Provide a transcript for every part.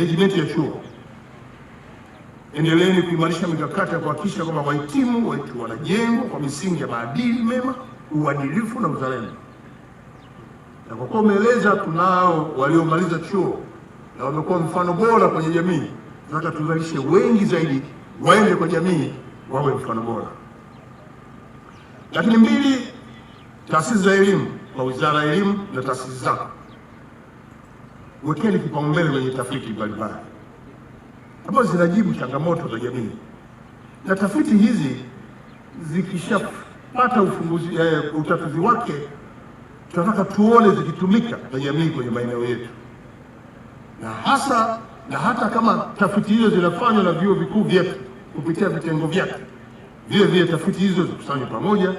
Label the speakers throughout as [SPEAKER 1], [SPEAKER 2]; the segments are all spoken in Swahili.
[SPEAKER 1] management ya chuo, endeleeni kuimarisha mikakati ya kuhakikisha kwamba wahitimu wetu wanajengwa kwa misingi ya maadili mema, uadilifu na uzalendo. Na kwa kuwa umeeleza, tunao waliomaliza chuo na wamekuwa mfano bora kwenye jamii, tunataka tuzalishe wengi zaidi waende kwa jamii wawe mfano bora. Lakini mbili, taasisi za elimu kwa Wizara ya Elimu na taasisi zako wekeni kipaumbele kwenye tafiti mbalimbali ambazo zinajibu changamoto za jamii, na tafiti hizi zikishapata ufunguzi eh, utatuzi wake, tunataka tuone zikitumika na jamii kwenye maeneo yetu, na hasa na hata kama tafiti hizo zinafanywa na vyuo vikuu vyetu kupitia vitengo vyake, vile vile tafiti hizo zikusanywe pamoja,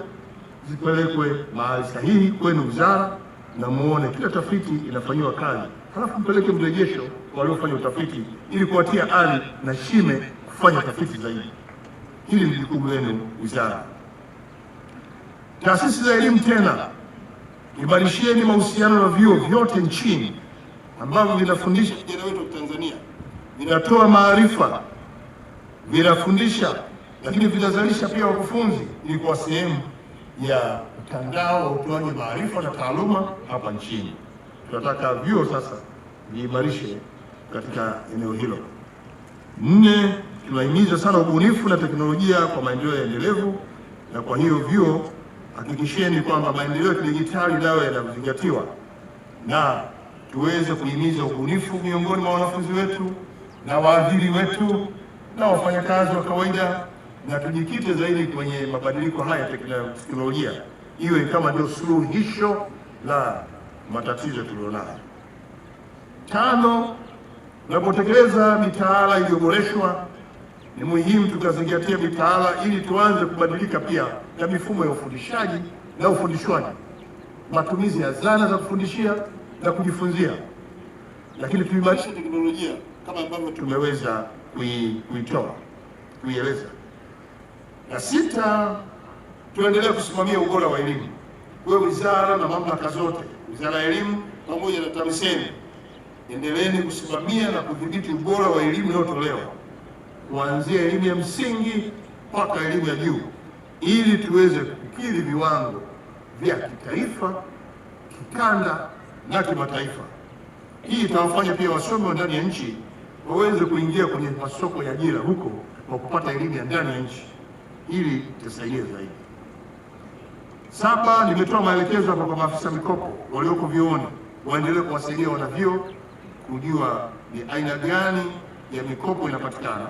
[SPEAKER 1] zipelekwe mahali sahihi kwenu wizara, na muone kila tafiti inafanyiwa kazi halafu mpeleke mrejesho waliofanya utafiti ili kuwatia ari na shime kufanya tafiti zaidi. Hili ni jukumu lenu wizara. Taasisi za elimu tena, ibarisheni mahusiano na vyuo vyote nchini ambavyo vinafundisha vijana wetu wa Tanzania, vinatoa maarifa, vinafundisha, lakini vinazalisha pia wakufunzi, ni kwa sehemu ya mtandao wa utoaji maarifa na taaluma hapa nchini tunataka vyuo sasa viimarishe katika eneo hilo. Nne, tunahimiza sana ubunifu na teknolojia kwa maendeleo ya endelevu, na kwa hiyo vyuo hakikisheni kwamba maendeleo ya kidijitali nayo yanazingatiwa na tuweze kuhimiza ubunifu miongoni mwa wanafunzi wetu na waadhiri wetu na wafanyakazi wa kawaida, na tujikite zaidi kwenye mabadiliko haya ya teknolojia, iwe kama ndio suluhisho la matatizo tulionayo. Tano, tunapotekeleza mitaala iliyoboreshwa ni muhimu tukazingatia mitaala ili tuanze kubadilika pia na mifumo ya ufundishaji na ufundishwaji, matumizi ya zana za kufundishia na kujifunzia, lakini tuimarishe teknolojia kama ambavyo tumeweza kuitoa kuieleza. Na sita, tuendelee kusimamia ubora wa elimu, wewe wizara na mamlaka zote Wizara ya Elimu pamoja na TAMISEMI, endeleeni kusimamia na kudhibiti ubora wa elimu inayotolewa kuanzia elimu ya msingi mpaka elimu ya juu ili tuweze kukidhi viwango vya kitaifa, kikanda na kimataifa. Hii itawafanya pia wasomi wa ndani ya nchi waweze kuingia kwenye masoko ya ajira huko kwa kupata elimu ya ndani ya nchi, ili itasaidia zaidi. Saba, nimetoa maelekezo kwa maafisa mikopo walioko vyuoni waendelee kuwasilia wanavyo kujua ni aina gani ya mikopo inapatikana,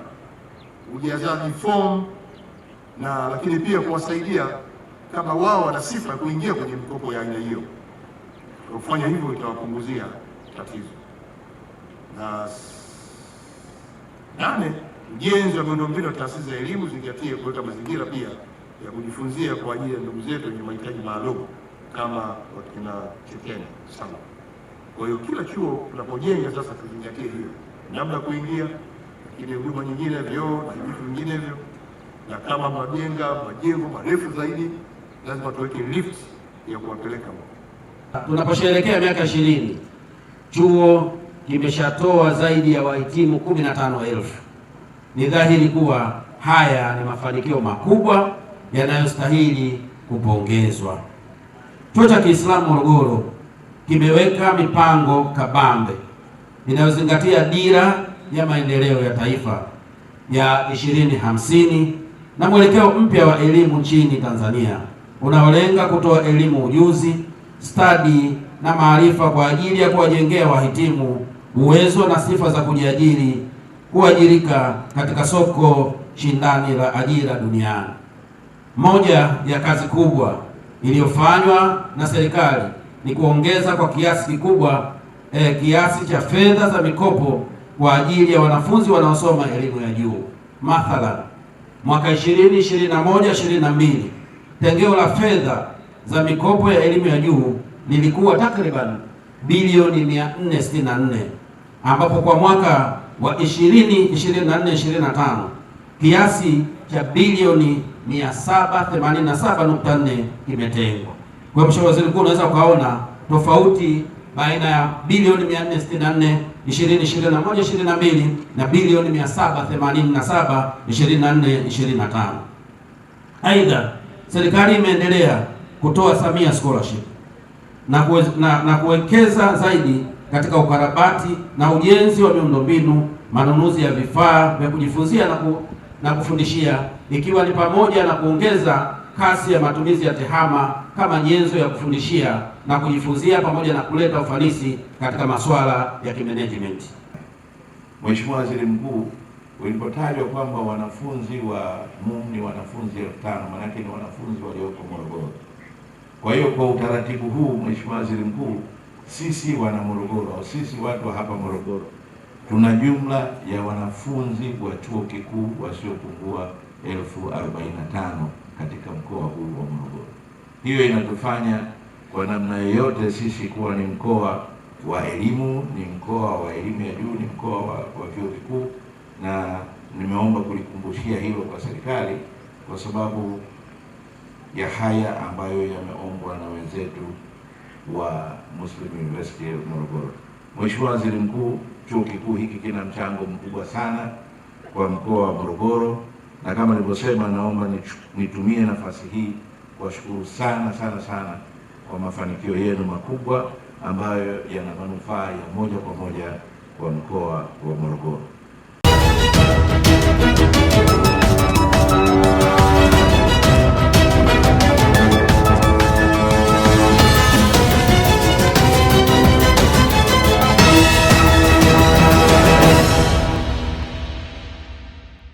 [SPEAKER 1] ujazaji fomu na lakini pia kuwasaidia kama wao wana sifa ya kuingia kwenye mikopo ya aina hiyo. Kufanya hivyo itawapunguzia tatizo. Na nane, ujenzi wa miundombinu ya taasisi za elimu zingatie kuleta mazingira pia ya kujifunzia kwa ajili ya ndugu zetu wenye mahitaji maalum kama wakina Chekeni sana. Kwa hiyo kila chuo tunapojenga sasa tuzingatie hiyo namna ya kuingia, lakini huduma nyingine, vyoo na vitu vingine hivyo, na kama majenga majengo marefu zaidi, lazima tuweke lift ya kuwapeleka.
[SPEAKER 2] tunaposherekea miaka ishirini, chuo kimeshatoa zaidi ya wahitimu 15,000. Ni dhahiri kuwa haya ni mafanikio makubwa yanayostahili kupongezwa. Chuo cha Kiislamu Morogoro kimeweka mipango kabambe inayozingatia dira ya maendeleo ya taifa ya 2050 na mwelekeo mpya wa elimu nchini Tanzania unaolenga kutoa elimu, ujuzi, stadi na maarifa kwa ajili ya kuwajengea wahitimu uwezo na sifa za kujiajiri, kuajirika katika soko shindani la ajira duniani. Moja ya kazi kubwa iliyofanywa na serikali ni kuongeza kwa kiasi kikubwa eh, kiasi cha fedha za mikopo kwa ajili ya wanafunzi wanaosoma elimu ya juu. Mathalan, mwaka 2021 22 tengeo la fedha za mikopo ya elimu ya juu lilikuwa takriban bilioni 464 ambapo kwa mwaka wa 2024 25 kiasi cha bilioni 787.4 kimetengwa. Kwa Mheshimiwa Waziri Mkuu, unaweza ukaona tofauti baina ya bilioni 464 2021 22 na bilioni 787 25. Aidha, serikali imeendelea kutoa Samia Scholarship na, kue, na, na kuwekeza zaidi katika ukarabati na ujenzi wa miundombinu, manunuzi ya vifaa vya kujifunzia na ku na kufundishia, ikiwa ni pamoja na kuongeza kasi ya matumizi ya TEHAMA kama nyenzo ya kufundishia na kujifunzia pamoja na kuleta ufanisi katika masuala ya kimanagement.
[SPEAKER 3] Mheshimiwa Waziri Mkuu, ulipotajwa kwamba wanafunzi wa MUM ni wanafunzi elfu tano maanake ni wanafunzi walioko Morogoro. Kwa hiyo kwa utaratibu huu, Mheshimiwa Waziri Mkuu, sisi wana Morogoro au sisi watu wa hapa Morogoro tuna jumla ya wanafunzi wa chuo kikuu wasiopungua elfu arobaini na tano katika mkoa huu wa Morogoro. Hiyo inatufanya kwa namna yoyote sisi kuwa ni mkoa wa elimu, ni mkoa wa elimu ya juu, ni mkoa wa, wa vyuo vikuu, na nimeomba kulikumbushia hilo kwa serikali kwa sababu ya haya ambayo yameombwa na wenzetu wa Muslim University Morogoro. Mheshimiwa Waziri Mkuu Chuo kikuu hiki kina mchango mkubwa sana kwa mkoa wa Morogoro, na kama nilivyosema, naomba nitumie nafasi hii kuwashukuru sana sana sana kwa mafanikio yenu makubwa ambayo yana manufaa ya moja kwa moja kwa mkoa wa Morogoro.